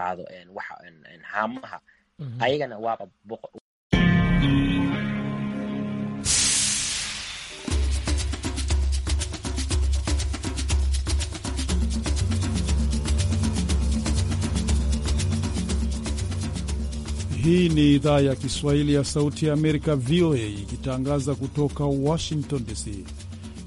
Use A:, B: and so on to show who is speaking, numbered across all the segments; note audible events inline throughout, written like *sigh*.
A: qaado haamaha ayagana waaba
B: Hii ni idhaa ya Kiswahili ya Sauti ya Amerika, VOA, ikitangaza kutoka Washington DC.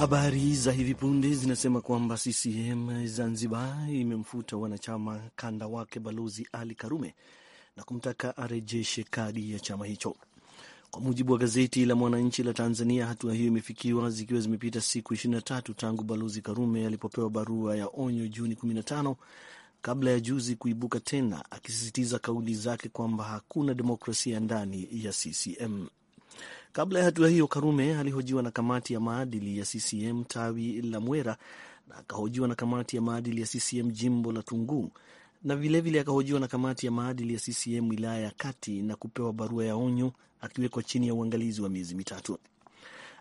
C: Habari za hivi punde zinasema kwamba CCM Zanzibar imemfuta wanachama kanda wake Balozi Ali Karume na kumtaka arejeshe kadi ya chama hicho. Kwa mujibu wa gazeti la Mwananchi la Tanzania, hatua hiyo imefikiwa zikiwa zimepita siku 23 tangu Balozi Karume alipopewa barua ya onyo Juni 15 kabla ya juzi kuibuka tena akisisitiza kauli zake kwamba hakuna demokrasia ndani ya CCM. Kabla ya hatua hiyo, Karume alihojiwa na kamati ya maadili ya CCM tawi la Mwera na akahojiwa na kamati ya maadili ya CCM jimbo la Tunguu na vilevile akahojiwa na kamati ya maadili ya CCM wilaya ya Kati na kupewa barua ya onyo akiwekwa chini ya uangalizi wa miezi mitatu.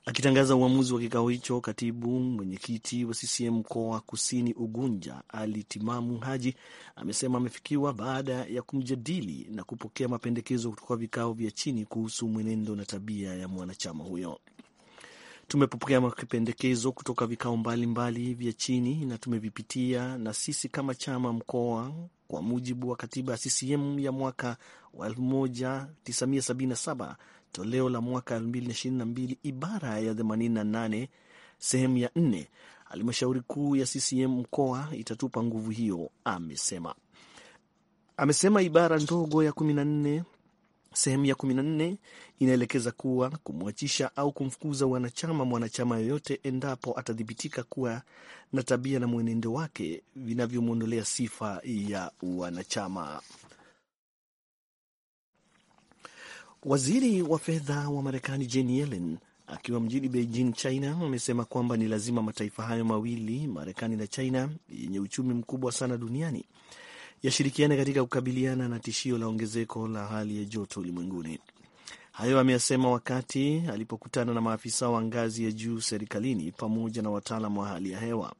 C: Akitangaza uamuzi wa kikao hicho, katibu mwenyekiti wa CCM mkoa kusini Ugunja, Ali Timamu Haji, amesema amefikiwa baada ya kumjadili na kupokea mapendekezo kutoka vikao vya chini kuhusu mwenendo na tabia ya mwanachama huyo. Tumepokea mapendekezo kutoka vikao mbalimbali mbali vya chini na tumevipitia, na sisi kama chama mkoa, kwa mujibu wa katiba ya CCM ya mwaka wa 1977 toleo la mwaka 2022 ibara ya 88 sehemu ya 4 halmashauri kuu ya CCM mkoa itatupa nguvu hiyo, amesema. Amesema ibara ndogo ya 14 sehemu ya 14 inaelekeza kuwa kumwachisha au kumfukuza wanachama mwanachama yoyote endapo atathibitika kuwa na tabia na mwenendo wake vinavyomwondolea sifa ya wanachama. Waziri wa fedha wa Marekani Janet Yellen akiwa mjini Beijing, China, amesema kwamba ni lazima mataifa hayo mawili, Marekani na China, yenye uchumi mkubwa sana duniani yashirikiane katika kukabiliana na tishio la ongezeko la hali ya joto ulimwenguni. Hayo ameyasema wakati alipokutana na maafisa wa ngazi ya juu serikalini pamoja na wataalam wa hali ya hewa.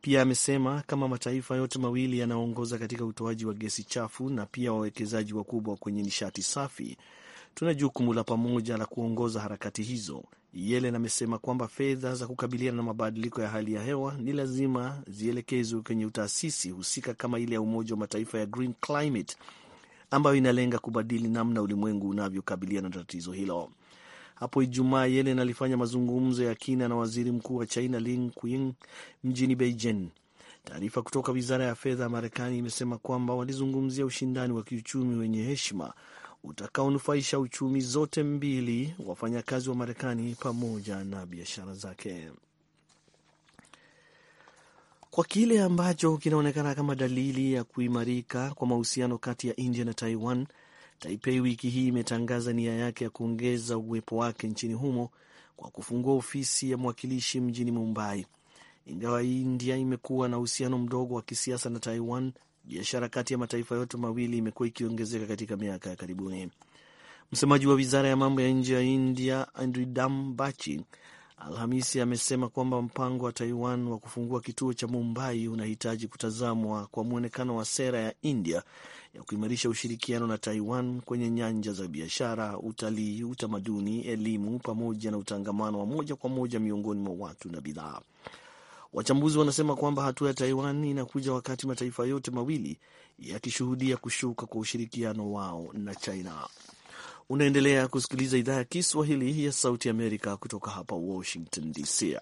C: Pia amesema kama mataifa yote mawili yanaongoza katika utoaji wa gesi chafu na pia wawekezaji wakubwa kwenye nishati safi, tuna jukumu la pamoja la kuongoza harakati hizo. Yellen amesema kwamba fedha za kukabiliana na mabadiliko ya hali ya hewa ni lazima zielekezwe kwenye taasisi husika kama ile ya Umoja wa Mataifa ya Green Climate ambayo inalenga kubadili namna ulimwengu unavyokabiliana na tatizo hilo. Hapo Ijumaa, Yellen alifanya mazungumzo ya kina na waziri mkuu wa China Lin Qiang mjini Beijing. Taarifa kutoka wizara ya fedha ya Marekani imesema kwamba walizungumzia ushindani wa kiuchumi wenye heshima utakaonufaisha uchumi zote mbili, wafanyakazi wa Marekani pamoja na biashara zake. Kwa kile ambacho kinaonekana kama dalili ya kuimarika kwa mahusiano kati ya India na Taiwan, Taipei wiki hii imetangaza nia yake ya kuongeza uwepo wake nchini humo kwa kufungua ofisi ya mwakilishi mjini Mumbai. Ingawa India imekuwa na uhusiano mdogo wa kisiasa na Taiwan biashara kati ya mataifa yote mawili imekuwa ikiongezeka katika miaka ya karibuni. Msemaji wa wizara ya mambo ya nje ya India, Andridam Bachi, Alhamisi amesema kwamba mpango wa Taiwan wa kufungua kituo cha Mumbai unahitaji kutazamwa kwa mwonekano wa sera ya India ya kuimarisha ushirikiano na Taiwan kwenye nyanja za biashara, utalii, utamaduni, elimu pamoja na utangamano wa moja kwa moja miongoni mwa watu na bidhaa. Wachambuzi wanasema kwamba hatua ya Taiwan inakuja wakati mataifa yote mawili yakishuhudia kushuka kwa ushirikiano wao na China. Unaendelea kusikiliza idhaa ya Kiswahili ya Sauti Amerika kutoka hapa Washington DC.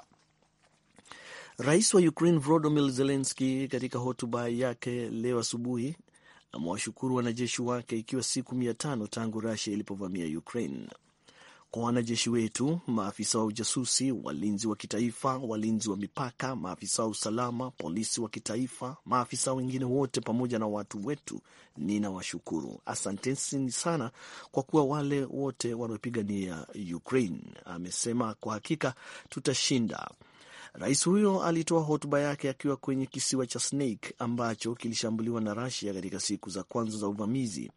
C: Rais wa Ukraine Volodymyr Zelensky katika hotuba yake leo asubuhi amewashukuru wanajeshi wake, ikiwa siku mia tano tangu Rusia ilipovamia Ukraine kwa wanajeshi wetu, maafisa wa ujasusi, walinzi wa kitaifa, walinzi wa mipaka, maafisa wa usalama, polisi wa kitaifa, maafisa wengine wote, pamoja na watu wetu, ninawashukuru. Asanteni sana kwa kuwa wale wote wanaopigania Ukraine. Amesema kwa hakika tutashinda. Rais huyo alitoa hotuba yake akiwa kwenye kisiwa cha Snake ambacho kilishambuliwa na rasia katika siku za kwanza za uvamizi.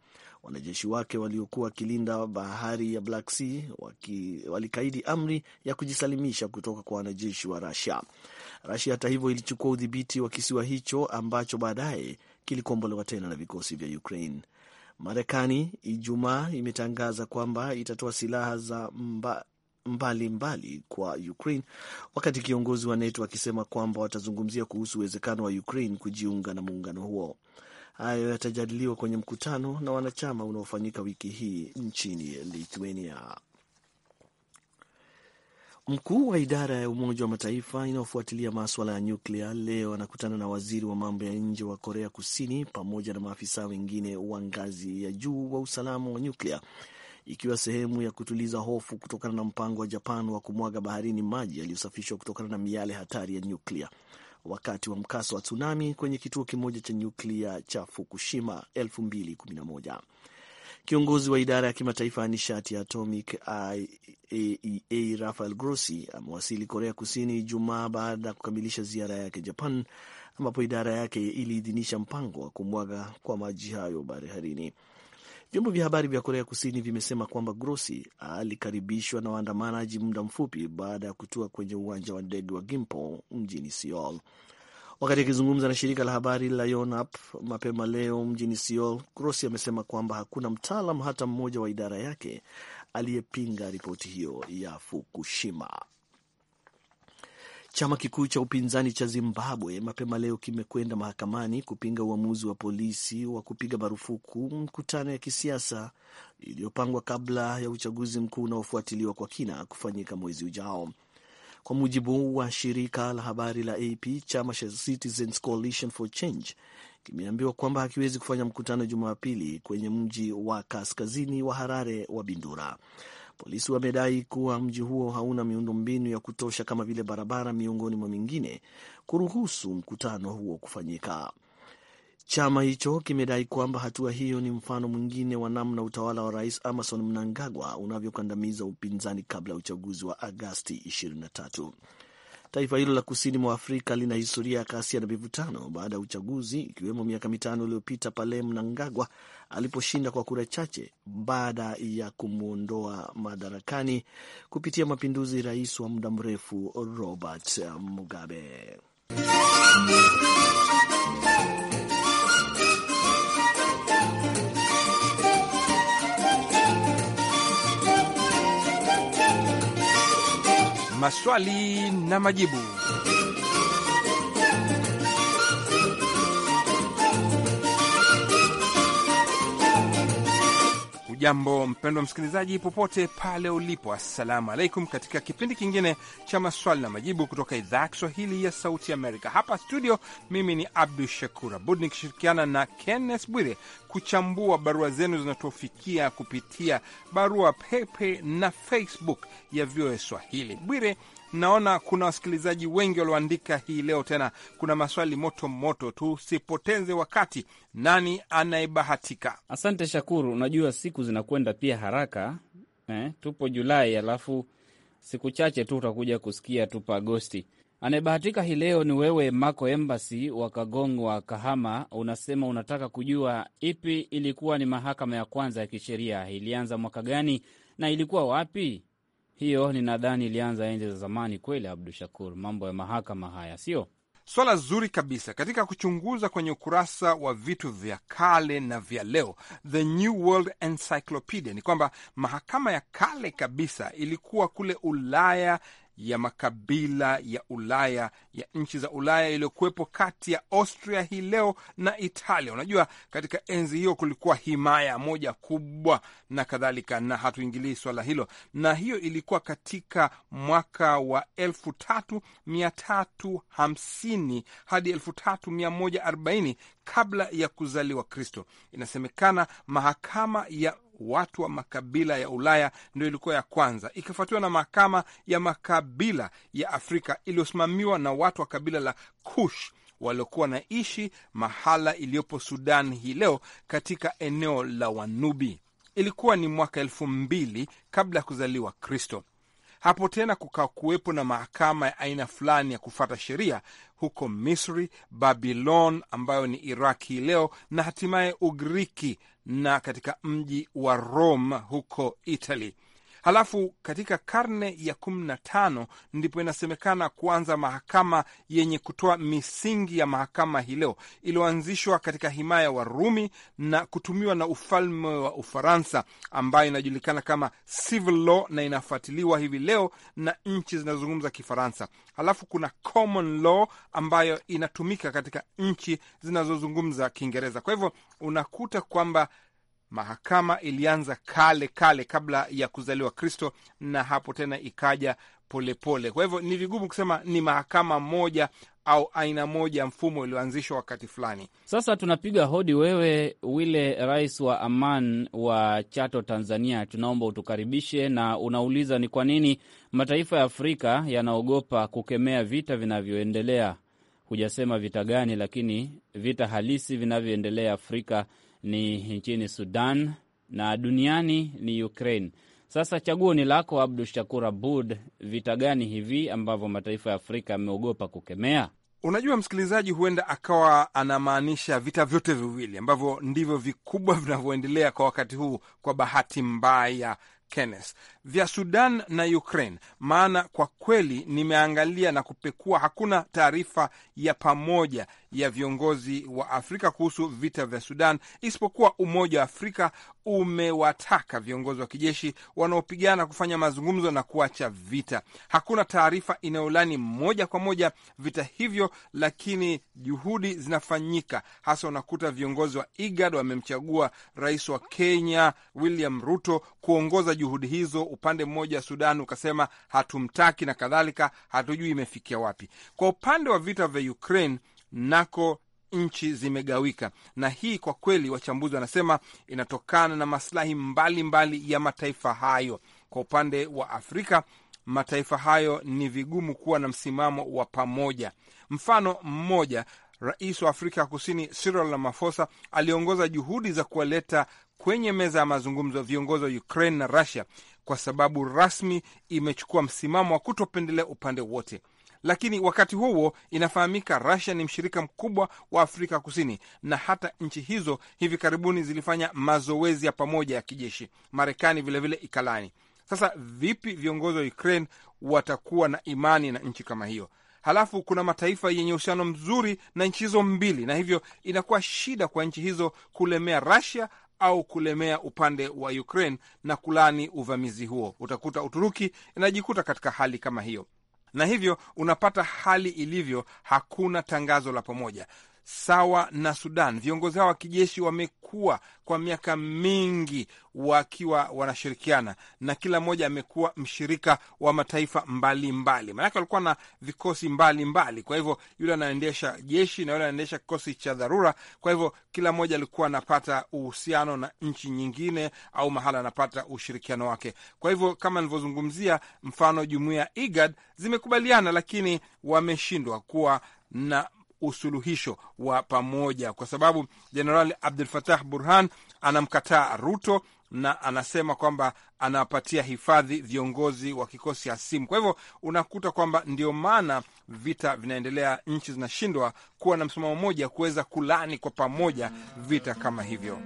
C: Wanajeshi wake waliokuwa wakilinda bahari ya Black Sea waki, walikaidi amri ya kujisalimisha kutoka kwa wanajeshi wa rasia rasia hata hivyo ilichukua udhibiti wa kisiwa hicho ambacho baadaye kilikombolewa tena na vikosi vya Ukraine. Marekani Ijumaa imetangaza kwamba itatoa silaha za mba, mbalimbali mbali kwa Ukraine, wakati kiongozi wa NATO akisema kwamba watazungumzia kuhusu uwezekano wa Ukraine kujiunga na muungano huo. Hayo yatajadiliwa kwenye mkutano na wanachama unaofanyika wiki hii nchini Lithuania. Mkuu wa idara ya Umoja wa Mataifa inayofuatilia maswala ya nyuklia leo anakutana na waziri wa mambo ya nje wa Korea Kusini pamoja na maafisa wengine wa ngazi ya juu wa usalama wa nyuklia ikiwa sehemu ya kutuliza hofu kutokana na mpango wa Japan wa kumwaga baharini maji yaliyosafishwa kutokana na miale hatari ya nyuklia wakati wa mkasa wa tsunami kwenye kituo kimoja cha nyuklia cha Fukushima 2011. Kiongozi wa idara ya kimataifa ya nishati ya atomic IAEA e Rafael Grossi amewasili Korea Kusini Ijumaa baada ya kukamilisha ziara yake Japan, ambapo idara yake iliidhinisha mpango wa kumwaga kwa maji hayo baharini. Vyombo vya habari vya Korea Kusini vimesema kwamba Grossi alikaribishwa na waandamanaji muda mfupi baada ya kutua kwenye uwanja wa ndege wa Gimpo mjini Seoul. Wakati akizungumza na shirika la habari la Yonhap mapema leo mjini Seoul, Grossi amesema kwamba hakuna mtaalam hata mmoja wa idara yake aliyepinga ripoti hiyo ya Fukushima. Chama kikuu cha upinzani cha Zimbabwe mapema leo kimekwenda mahakamani kupinga uamuzi wa polisi wa kupiga marufuku mkutano ya kisiasa iliyopangwa kabla ya uchaguzi mkuu unaofuatiliwa kwa kina kufanyika mwezi ujao. Kwa mujibu wa shirika la habari la AP, chama cha Citizens Coalition for Change kimeambiwa kwamba hakiwezi kufanya mkutano Jumapili kwenye mji wa kaskazini wa Harare wa Bindura. Polisi wamedai kuwa mji huo hauna miundombinu ya kutosha kama vile barabara, miongoni mwa mingine, kuruhusu mkutano huo kufanyika. Chama hicho kimedai kwamba hatua hiyo ni mfano mwingine wa namna utawala wa Rais Emmerson Mnangagwa unavyokandamiza upinzani kabla ya uchaguzi wa Agasti Taifa hilo la kusini mwa Afrika lina historia ya kasia na mivutano baada ya uchaguzi, ikiwemo miaka mitano iliyopita pale Mnangagwa aliposhinda kwa kura chache baada ya kumwondoa madarakani kupitia mapinduzi rais wa muda mrefu Robert Mugabe.
D: maswali na majibu. jambo mpendwa msikilizaji, popote pale ulipo, assalamu alaikum, katika kipindi kingine cha maswali na majibu kutoka idhaa ya Kiswahili ya Sauti Amerika. Hapa studio, mimi ni Abdu Shakur Abud nikishirikiana na Kennes Bwire kuchambua barua zenu zinatofikia kupitia barua pepe na Facebook ya VOA Swahili. Bwire Naona kuna wasikilizaji wengi walioandika hii leo tena. Kuna maswali moto moto, tusipoteze wakati. Nani anayebahatika? Asante Shakuru. Unajua siku zinakwenda pia haraka
A: eh, tupo Julai alafu siku chache tu utakuja kusikia tupo Agosti. Anayebahatika hii leo ni wewe Mako Embassy wa wa Kahama. Unasema unataka kujua ipi ilikuwa ni mahakama ya kwanza ya kisheria, ilianza mwaka gani na ilikuwa wapi? hiyo ninadhani ilianza enzi za zamani kweli, Abdu Shakur. Mambo
D: ya mahakama haya sio swala zuri kabisa. Katika kuchunguza kwenye ukurasa wa vitu vya kale na vya leo, The New World Encyclopedia, ni kwamba mahakama ya kale kabisa ilikuwa kule Ulaya ya makabila ya Ulaya ya nchi za Ulaya iliyokuwepo kati ya Austria hii leo na Italia. Unajua, katika enzi hiyo kulikuwa himaya moja kubwa na kadhalika, na hatuingilii swala hilo, na hiyo ilikuwa katika mwaka wa elfu tatu mia tatu hamsini hadi elfu tatu mia moja arobaini kabla ya kuzaliwa Kristo. Inasemekana mahakama ya watu wa makabila ya Ulaya ndio ilikuwa ya kwanza, ikifuatiwa na mahakama ya makabila ya Afrika iliyosimamiwa na watu wa kabila la Kush waliokuwa wanaishi mahala iliyopo Sudan hii leo katika eneo la Wanubi. Ilikuwa ni mwaka elfu mbili kabla ya kuzaliwa Kristo. Hapo tena kukaa kuwepo na mahakama ya aina fulani ya kufata sheria huko Misri, Babilon ambayo ni Iraki hii leo, na hatimaye Ugiriki na katika mji wa Rome huko Italy. Halafu katika karne ya kumi na tano ndipo inasemekana kuanza mahakama yenye kutoa misingi ya mahakama hii leo, iliyoanzishwa katika himaya ya Warumi na kutumiwa na ufalme wa Ufaransa, ambayo inajulikana kama civil law na inafuatiliwa hivi leo na nchi zinazozungumza Kifaransa. Halafu kuna common law ambayo inatumika katika nchi zinazozungumza Kiingereza. Kwa hivyo unakuta kwamba Mahakama ilianza kale kale kabla ya kuzaliwa Kristo, na hapo tena ikaja polepole. Kwa hivyo ni vigumu kusema ni mahakama moja au aina moja ya mfumo ulioanzishwa wakati fulani.
A: Sasa tunapiga hodi wewe, Wile, rais wa Aman wa Chato, Tanzania, tunaomba utukaribishe. Na unauliza ni kwa nini mataifa ya Afrika yanaogopa kukemea vita vinavyoendelea. Hujasema vita gani, lakini vita halisi vinavyoendelea Afrika ni nchini Sudan na duniani ni Ukraine. Sasa chaguo ni lako, Abdu Shakur Abud. Vita gani hivi ambavyo mataifa ya Afrika yameogopa kukemea?
D: Unajua msikilizaji, huenda akawa anamaanisha vita vyote viwili ambavyo ndivyo vikubwa *laughs* vinavyoendelea kwa wakati huu, kwa bahati mbaya Kenneth, vya Sudan na Ukraine. Maana kwa kweli nimeangalia na kupekua, hakuna taarifa ya pamoja ya viongozi wa Afrika kuhusu vita vya Sudan, isipokuwa Umoja wa Afrika umewataka viongozi wa kijeshi wanaopigana kufanya mazungumzo na kuacha vita. Hakuna taarifa inayolani moja kwa moja vita hivyo, lakini juhudi zinafanyika. Hasa unakuta viongozi wa IGAD wamemchagua rais wa Kenya William Ruto kuongoza juhudi hizo. Upande mmoja wa Sudan ukasema hatumtaki na kadhalika, hatujui imefikia wapi. Kwa upande wa vita vya Ukraine nako nchi zimegawika, na hii kwa kweli wachambuzi wanasema inatokana na masilahi mbalimbali mbali ya mataifa hayo. Kwa upande wa Afrika, mataifa hayo ni vigumu kuwa na msimamo wa pamoja. Mfano mmoja, rais wa Afrika ya Kusini Cyril Ramaphosa aliongoza juhudi za kuwaleta kwenye meza ya mazungumzo viongozi wa Ukraine na Russia kwa sababu rasmi imechukua msimamo wa kutopendelea upande wote lakini wakati huo huo inafahamika rasia ni mshirika mkubwa wa Afrika Kusini, na hata nchi hizo hivi karibuni zilifanya mazoezi ya pamoja ya kijeshi. Marekani vilevile ikalani. Sasa vipi viongozi wa Ukraine watakuwa na imani na nchi kama hiyo? Halafu kuna mataifa yenye uhusiano mzuri na nchi hizo mbili, na hivyo inakuwa shida kwa nchi hizo kulemea rasia au kulemea upande wa Ukraine na kulani uvamizi huo. Utakuta Uturuki inajikuta katika hali kama hiyo na hivyo unapata hali ilivyo, hakuna tangazo la pamoja sawa na Sudan. Viongozi hao wa kijeshi wamekuwa kwa miaka mingi wakiwa wanashirikiana na kila mmoja amekuwa mshirika wa mataifa mbalimbali, maanake walikuwa na vikosi mbalimbali mbali. Kwa hivyo yule anaendesha jeshi na yule anaendesha kikosi cha dharura, kwa hivyo kila mmoja alikuwa anapata uhusiano na nchi nyingine au mahala anapata ushirikiano wake. Kwa hivyo kama nilivyozungumzia, mfano jumuiya IGAD zimekubaliana, lakini wameshindwa kuwa na usuluhisho wa pamoja, kwa sababu Jenerali Abdul Fatah Burhan anamkataa Ruto na anasema kwamba anawapatia hifadhi viongozi wa kikosi hasimu. Kwa hivyo unakuta kwamba ndio maana vita vinaendelea, nchi zinashindwa kuwa na msimamo mmoja kuweza kulani kwa pamoja vita kama hivyo.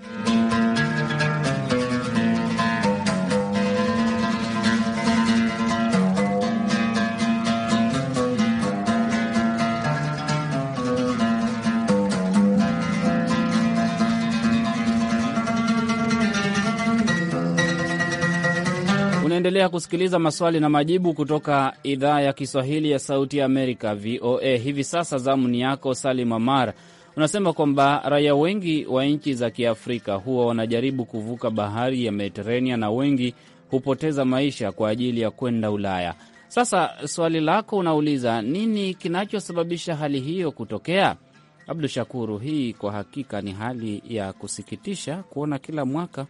A: Unaendelea kusikiliza maswali na majibu kutoka idhaa ya Kiswahili ya Sauti ya Amerika, VOA. Hivi sasa zamu ni yako Salim Amar. Unasema kwamba raia wengi wa nchi za Kiafrika huwa wanajaribu kuvuka bahari ya Mediterania na wengi hupoteza maisha kwa ajili ya kwenda Ulaya. Sasa swali lako unauliza nini kinachosababisha hali hiyo kutokea? Abdu Shakuru, hii kwa hakika ni hali ya kusikitisha kuona kila mwaka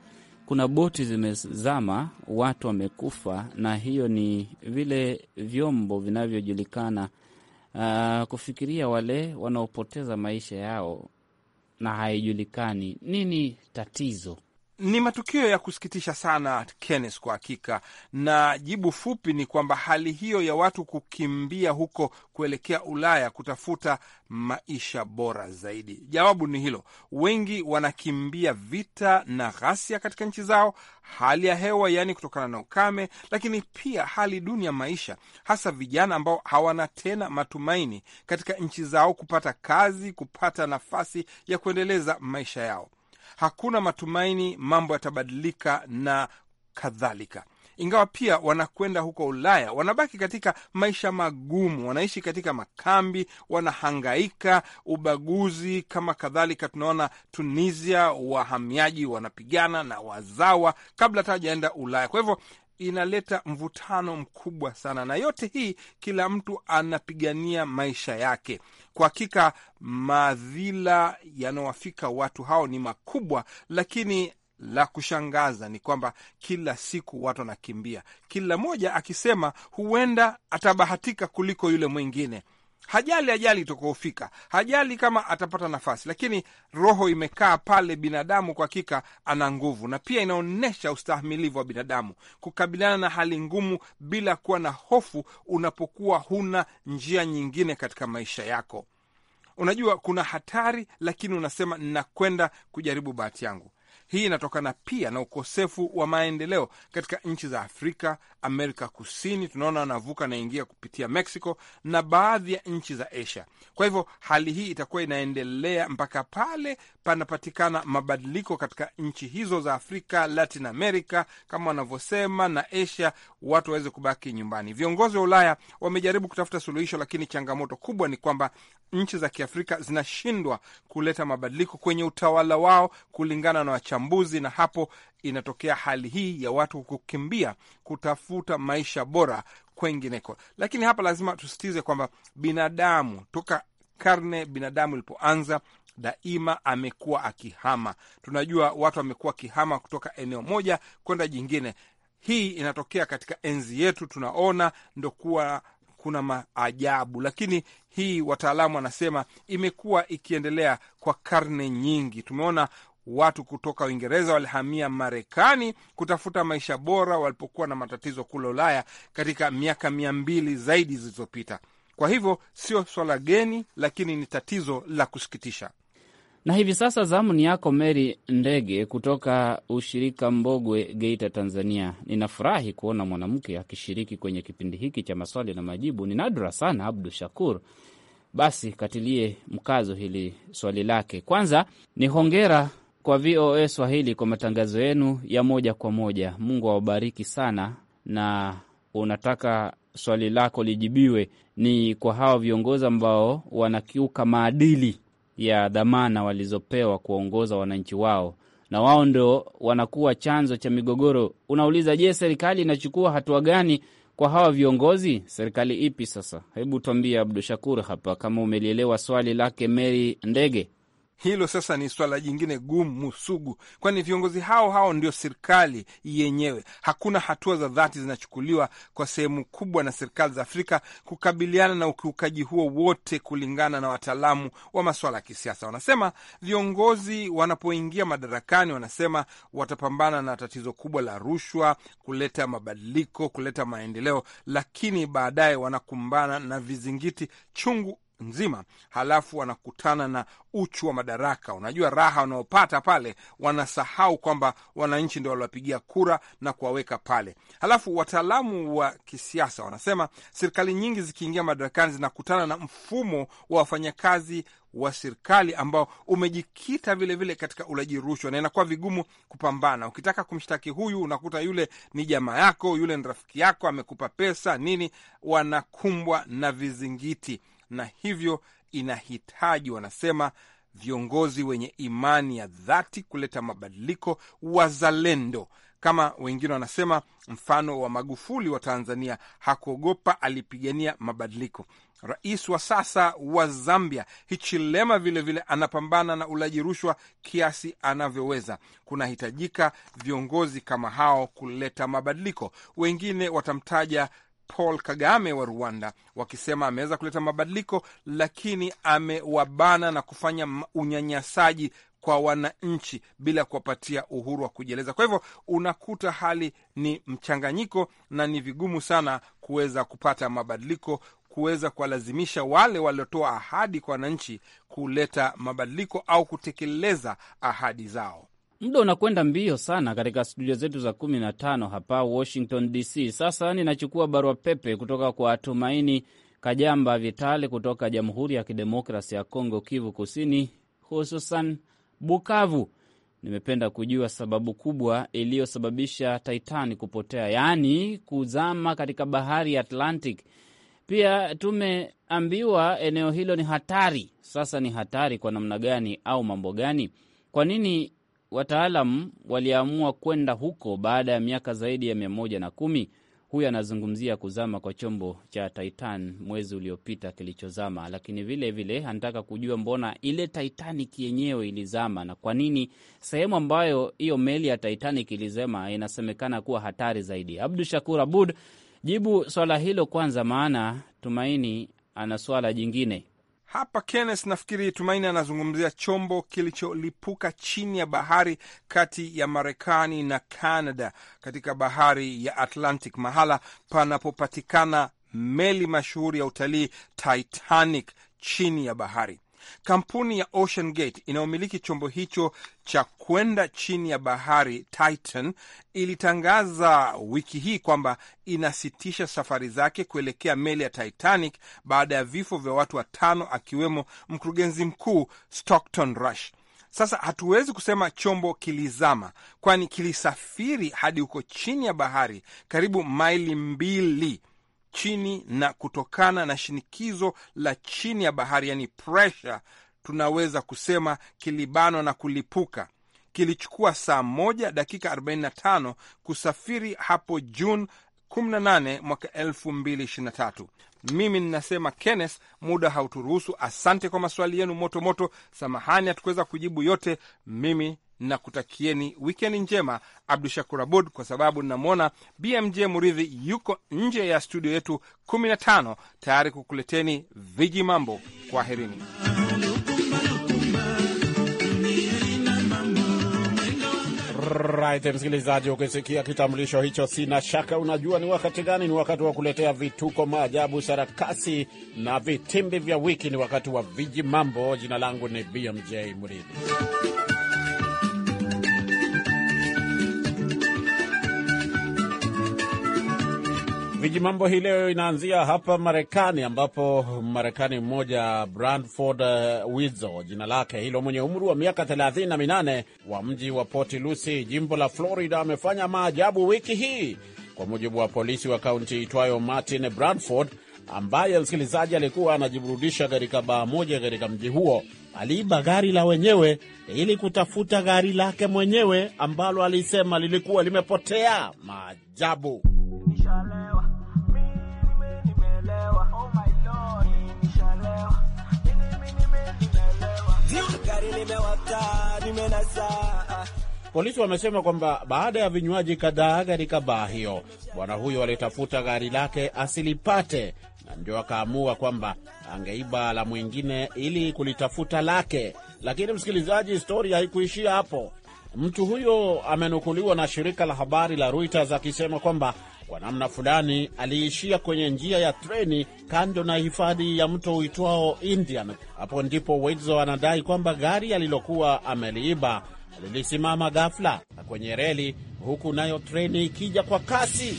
A: kuna boti zimezama, watu wamekufa, na hiyo ni vile vyombo vinavyojulikana. Uh, kufikiria wale wanaopoteza maisha yao na haijulikani
D: nini tatizo ni matukio ya kusikitisha sana, Kenneth, kwa hakika, na jibu fupi ni kwamba hali hiyo ya watu kukimbia huko kuelekea Ulaya kutafuta maisha bora zaidi, jawabu ni hilo. Wengi wanakimbia vita na ghasia katika nchi zao, hali ya hewa, yaani kutokana na ukame, lakini pia hali duni ya maisha, hasa vijana ambao hawana tena matumaini katika nchi zao kupata kazi, kupata nafasi ya kuendeleza maisha yao hakuna matumaini mambo yatabadilika na kadhalika. Ingawa pia wanakwenda huko Ulaya, wanabaki katika maisha magumu, wanaishi katika makambi, wanahangaika ubaguzi, kama kadhalika tunaona Tunisia, wahamiaji wanapigana na wazawa kabla hata hajaenda Ulaya. Kwa hivyo inaleta mvutano mkubwa sana, na yote hii, kila mtu anapigania maisha yake. Kwa hakika madhila yanawafika watu hao ni makubwa, lakini la kushangaza ni kwamba kila siku watu wanakimbia, kila mmoja akisema huenda atabahatika kuliko yule mwingine. Hajali ajali itakaofika, hajali kama atapata nafasi, lakini roho imekaa pale. Binadamu kwa hakika ana nguvu, na pia inaonyesha ustahimilivu wa binadamu kukabiliana na hali ngumu bila kuwa na hofu, unapokuwa huna njia nyingine katika maisha yako. Unajua kuna hatari, lakini unasema nakwenda kujaribu bahati yangu. Hii inatokana pia na ukosefu wa maendeleo katika nchi za Afrika, Amerika Kusini, tunaona wanavuka naingia kupitia Mexico na baadhi ya nchi za Asia. Kwa hivyo hali hii itakuwa inaendelea mpaka pale panapatikana mabadiliko katika nchi hizo za Afrika, Latin America kama wanavyosema, na Asia, watu waweze kubaki nyumbani. Viongozi wa Ulaya wamejaribu kutafuta suluhisho, lakini changamoto kubwa ni kwamba nchi za Kiafrika zinashindwa kuleta mabadiliko kwenye utawala wao kulingana na wachambuzi, na hapo inatokea hali hii ya watu kukimbia kutafuta maisha bora kwengineko. Lakini hapa lazima tusitize kwamba binadamu toka karne binadamu ilipoanza daima amekuwa akihama. Tunajua watu wamekuwa akihama kutoka eneo moja kwenda jingine. Hii inatokea katika enzi yetu, tunaona ndo kuwa kuna maajabu, lakini hii wataalamu wanasema imekuwa ikiendelea kwa karne nyingi. Tumeona watu kutoka Uingereza walihamia Marekani kutafuta maisha bora walipokuwa na matatizo kule Ulaya katika miaka mia mbili zaidi zilizopita. Kwa hivyo sio swala geni, lakini ni tatizo la kusikitisha. Na hivi sasa zamu ni yako
A: Meri Ndege kutoka ushirika Mbogwe, Geita, Tanzania. Ninafurahi kuona mwanamke akishiriki kwenye kipindi hiki cha maswali na majibu, ni nadra sana. Abdu Shakur, basi katilie mkazo hili swali lake. Kwanza ni hongera kwa VOA Swahili kwa matangazo yenu ya moja kwa moja. Mungu awabariki sana. Na unataka swali lako lijibiwe, ni kwa hawa viongozi ambao wanakiuka maadili ya dhamana walizopewa kuwaongoza wananchi wao, na wao ndo wanakuwa chanzo cha migogoro. Unauliza, je, serikali inachukua hatua gani kwa hawa viongozi? Serikali ipi sasa? Hebu tuambie Abdu Shakur
D: hapa, kama umelielewa swali lake
A: meri Ndege.
D: Hilo sasa ni swala jingine gumu sugu, kwani viongozi hao hao ndio serikali yenyewe. Hakuna hatua za dhati zinachukuliwa kwa sehemu kubwa na serikali za Afrika kukabiliana na ukiukaji huo wote. Kulingana na wataalamu wa masuala ya kisiasa, wanasema viongozi wanapoingia madarakani, wanasema watapambana na tatizo kubwa la rushwa, kuleta mabadiliko, kuleta maendeleo, lakini baadaye wanakumbana na vizingiti chungu nzima, halafu wanakutana na uchu wa madaraka. Unajua raha wanaopata pale, wanasahau kwamba wananchi ndio waliwapigia kura na kuwaweka pale. Halafu wataalamu wa kisiasa wanasema serikali nyingi zikiingia madarakani zinakutana na mfumo wa wafanyakazi wa serikali ambao umejikita vilevile vile katika ulaji rushwa, na inakuwa vigumu kupambana. Ukitaka kumshtaki huyu, unakuta yule ni jamaa yako, yule ni rafiki yako, amekupa pesa nini, wanakumbwa na vizingiti na hivyo inahitaji, wanasema, viongozi wenye imani ya dhati kuleta mabadiliko, wazalendo kama wengine wanasema, mfano wa Magufuli wa Tanzania hakuogopa, alipigania mabadiliko. Rais wa sasa wa Zambia Hichilema vilevile vile anapambana na ulaji rushwa kiasi anavyoweza. Kunahitajika viongozi kama hao kuleta mabadiliko. Wengine watamtaja Paul Kagame wa Rwanda wakisema ameweza kuleta mabadiliko, lakini amewabana na kufanya unyanyasaji kwa wananchi bila kuwapatia uhuru wa kujieleza. Kwa hivyo unakuta hali ni mchanganyiko na ni vigumu sana kuweza kupata mabadiliko, kuweza kuwalazimisha wale waliotoa ahadi kwa wananchi kuleta mabadiliko au kutekeleza ahadi zao.
A: Muda unakwenda mbio sana katika studio zetu za 15 hapa Washington DC. Sasa ninachukua barua pepe kutoka kwa Tumaini Kajamba Vitale kutoka Jamhuri ya Kidemokrasi ya Kongo, Kivu Kusini, hususan Bukavu. Nimependa kujua sababu kubwa iliyosababisha Titanic kupotea, yaani kuzama katika bahari ya Atlantic. Pia tumeambiwa eneo hilo ni hatari. Sasa ni hatari kwa namna gani au mambo gani? Kwa nini wataalam waliamua kwenda huko baada ya miaka zaidi ya mia moja na kumi. Huyu anazungumzia kuzama kwa chombo cha Titan mwezi uliopita kilichozama, lakini vile vile anataka kujua mbona ile Titanic yenyewe ilizama na kwa nini sehemu ambayo hiyo meli ya Titanic ilizama inasemekana kuwa hatari zaidi. Abdu Shakur Abud, jibu swala hilo kwanza, maana Tumaini ana swala jingine
D: hapa Kenneth, nafikiri Tumaini anazungumzia chombo kilicholipuka chini ya bahari kati ya Marekani na Canada katika bahari ya Atlantic, mahala panapopatikana meli mashuhuri ya utalii Titanic chini ya bahari. Kampuni ya Ocean Gate inayomiliki chombo hicho cha kwenda chini ya bahari Titan ilitangaza wiki hii kwamba inasitisha safari zake kuelekea meli ya Titanic baada ya vifo vya watu watano akiwemo mkurugenzi mkuu Stockton Rush. Sasa hatuwezi kusema chombo kilizama, kwani kilisafiri hadi huko chini ya bahari karibu maili mbili chini, na kutokana na shinikizo la chini ya bahari, yani pressure, tunaweza kusema kilibanwa na kulipuka. Kilichukua saa moja dakika 45 kusafiri hapo Juni 18 mwaka 2023. Mimi ninasema Kenneth, muda hauturuhusu. Asante kwa maswali yenu motomoto. Samahani hatukuweza kujibu yote. Mimi na kutakieni wikendi njema. Abdu Shakur Abud, kwa sababu namwona BMJ Muridhi yuko nje ya studio yetu 15 tayari kukuleteni viji
E: mambo. Kwaherini. Right, msikilizaji, ukisikia kitambulisho hicho, sina shaka unajua ni wakati gani. Ni wakati wa kuletea vituko, maajabu, sarakasi na vitimbi vya wiki. Ni wakati wa viji mambo. Jina langu ni BMJ mridhi Viji mambo hii leo inaanzia hapa Marekani, ambapo Marekani mmoja Branford eh, Widzo jina lake hilo, mwenye umri wa miaka 38 wa mji wa Port lusi jimbo la Florida, amefanya maajabu wiki hii, kwa mujibu wa polisi wa kaunti itwayo Martin. branford ambaye msikilizaji alikuwa anajiburudisha katika baa moja katika mji huo, aliiba gari la wenyewe ili kutafuta gari lake mwenyewe ambalo alisema lilikuwa limepotea. Maajabu. Polisi wamesema kwamba baada ya vinywaji kadhaa katika baa hiyo, bwana huyo alitafuta gari lake asilipate, na ndio akaamua kwamba angeiba la mwingine ili kulitafuta lake. Lakini msikilizaji, historia haikuishia hapo. Mtu huyo amenukuliwa na shirika la habari la Reuters akisema kwamba kwa namna fulani aliishia kwenye njia ya treni kando na hifadhi ya mto uitwao Indian. Hapo ndipo Wedzo anadai kwamba gari alilokuwa ameliiba lilisimama ghafla kwenye reli, huku nayo treni ikija kwa kasi.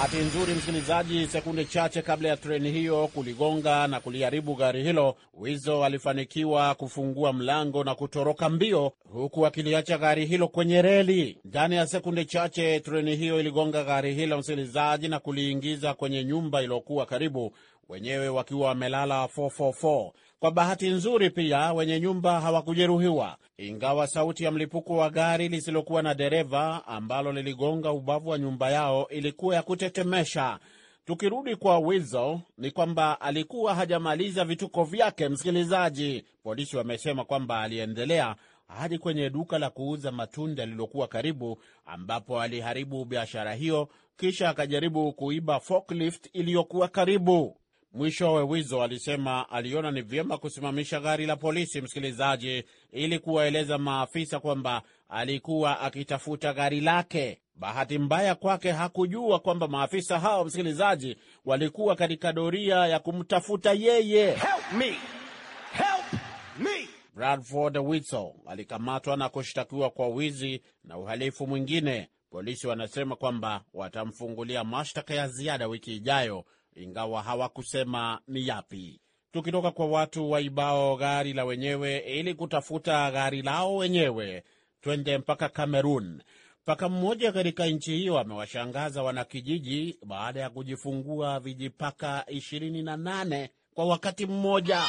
E: Bahati nzuri msikilizaji, sekunde chache kabla ya treni hiyo kuligonga na kuliharibu gari hilo, Wizo alifanikiwa kufungua mlango na kutoroka mbio, huku akiliacha gari hilo kwenye reli. Ndani ya sekunde chache treni hiyo iligonga gari hilo, msikilizaji, na kuliingiza kwenye nyumba iliyokuwa karibu, wenyewe wakiwa wamelala 444. Kwa bahati nzuri pia wenye nyumba hawakujeruhiwa, ingawa sauti ya mlipuko wa gari lisilokuwa na dereva ambalo liligonga ubavu wa nyumba yao ilikuwa ya kutetemesha. Tukirudi kwa Wizo ni kwamba alikuwa hajamaliza vituko vyake, msikilizaji. Polisi wamesema kwamba aliendelea hadi kwenye duka la kuuza matunda lililokuwa karibu, ambapo aliharibu biashara hiyo, kisha akajaribu kuiba forklift iliyokuwa karibu. Mwishowe Wizo alisema aliona ni vyema kusimamisha gari la polisi, msikilizaji, ili kuwaeleza maafisa kwamba alikuwa akitafuta gari lake. Bahati mbaya kwake hakujua kwamba maafisa hao, msikilizaji, walikuwa katika doria ya kumtafuta yeye. Help me. Help me. Bradford Witso alikamatwa na kushtakiwa kwa wizi na uhalifu mwingine. Polisi wanasema kwamba watamfungulia mashtaka ya ziada wiki ijayo ingawa hawakusema ni yapi. Tukitoka kwa watu waibao gari la wenyewe ili kutafuta gari lao wenyewe, twende mpaka Kamerun. Paka mmoja katika nchi hiyo amewashangaza wanakijiji baada ya kujifungua vijipaka 28 kwa wakati mmoja.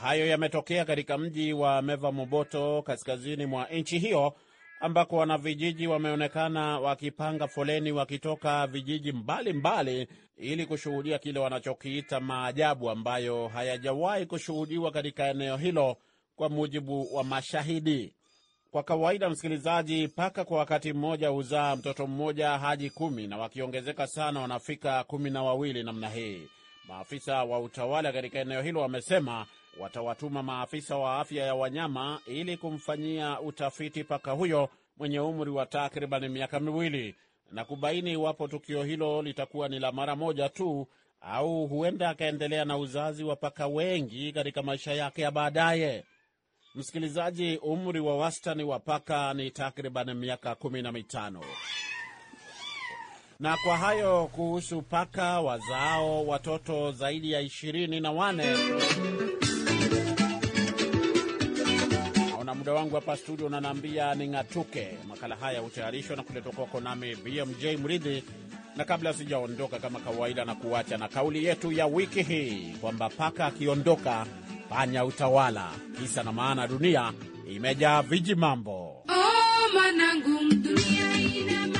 E: Hayo yametokea katika mji wa Meva Moboto kaskazini mwa nchi hiyo ambako wanavijiji wameonekana wakipanga foleni wakitoka vijiji mbalimbali mbali, ili kushuhudia kile wanachokiita maajabu ambayo hayajawahi kushuhudiwa katika eneo hilo kwa mujibu wa mashahidi. Kwa kawaida, msikilizaji, paka kwa wakati mmoja huzaa mtoto mmoja hadi kumi, na wakiongezeka sana wanafika kumi na wawili namna hii. Maafisa wa utawala katika eneo hilo wamesema watawatuma maafisa wa afya ya wanyama ili kumfanyia utafiti paka huyo mwenye umri wa takriban miaka miwili na kubaini iwapo tukio hilo litakuwa ni la mara moja tu au huenda akaendelea na uzazi wa paka wengi katika maisha yake ya baadaye. Msikilizaji, umri wa wastani wa paka ni takriban miaka kumi na mitano. Na kwa hayo kuhusu paka wazao watoto zaidi ya ishirini na wane Naona muda wangu hapa studio unaniambia ning'atuke. Makala haya hutayarishwa na kuletwa kwako nami BMJ Mridhi, na kabla sijaondoka, kama kawaida, na kuacha na kauli yetu ya wiki hii kwamba paka akiondoka panya utawala. Kisa na maana, dunia imejaa viji mambo.
C: Oh,
A: manangu, dunia ina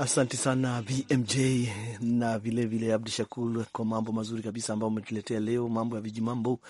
C: Asante sana BMJ na vilevile Abdu Shakur kwa mambo mazuri kabisa ambayo umetuletea leo, mambo ya vijimambo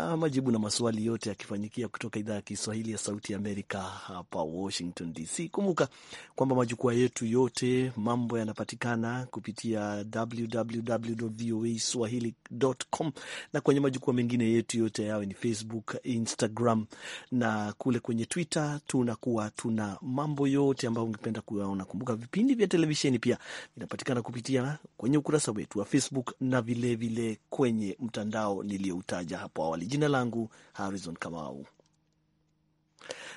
C: Ah, majibu na maswali yote yakifanyikia kutoka idhaa ya Kiswahili ya Sauti Amerika hapa Washington DC. Kumbuka kwamba majukwaa yetu yote mambo yanapatikana kupitia www.voaswahili.com na kwenye majukwaa mengine yetu yote, yawe ni Facebook, Instagram na kule kwenye Twitter, tunakuwa tuna mambo yote ambayo ungependa kuyaona. Kumbuka vipindi vya televisheni pia vinapatikana kupitia kwenye ukurasa wetu wa Facebook na vilevile vile kwenye mtandao niliyoutaja hapo awali. Jina langu Harrison Kamau,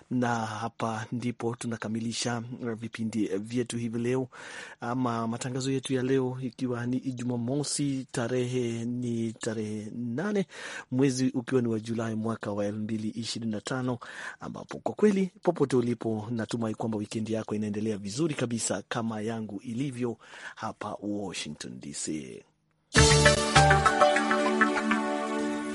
C: na hapa ndipo tunakamilisha vipindi vyetu hivi leo, ama matangazo yetu ya leo, ikiwa ni Jumamosi, tarehe ni tarehe nane mwezi ukiwa ni wa Julai mwaka wa elfu mbili ishirini na tano ambapo kwa kweli popote ulipo, natumai kwamba wikendi yako inaendelea vizuri kabisa kama yangu ilivyo hapa Washington DC.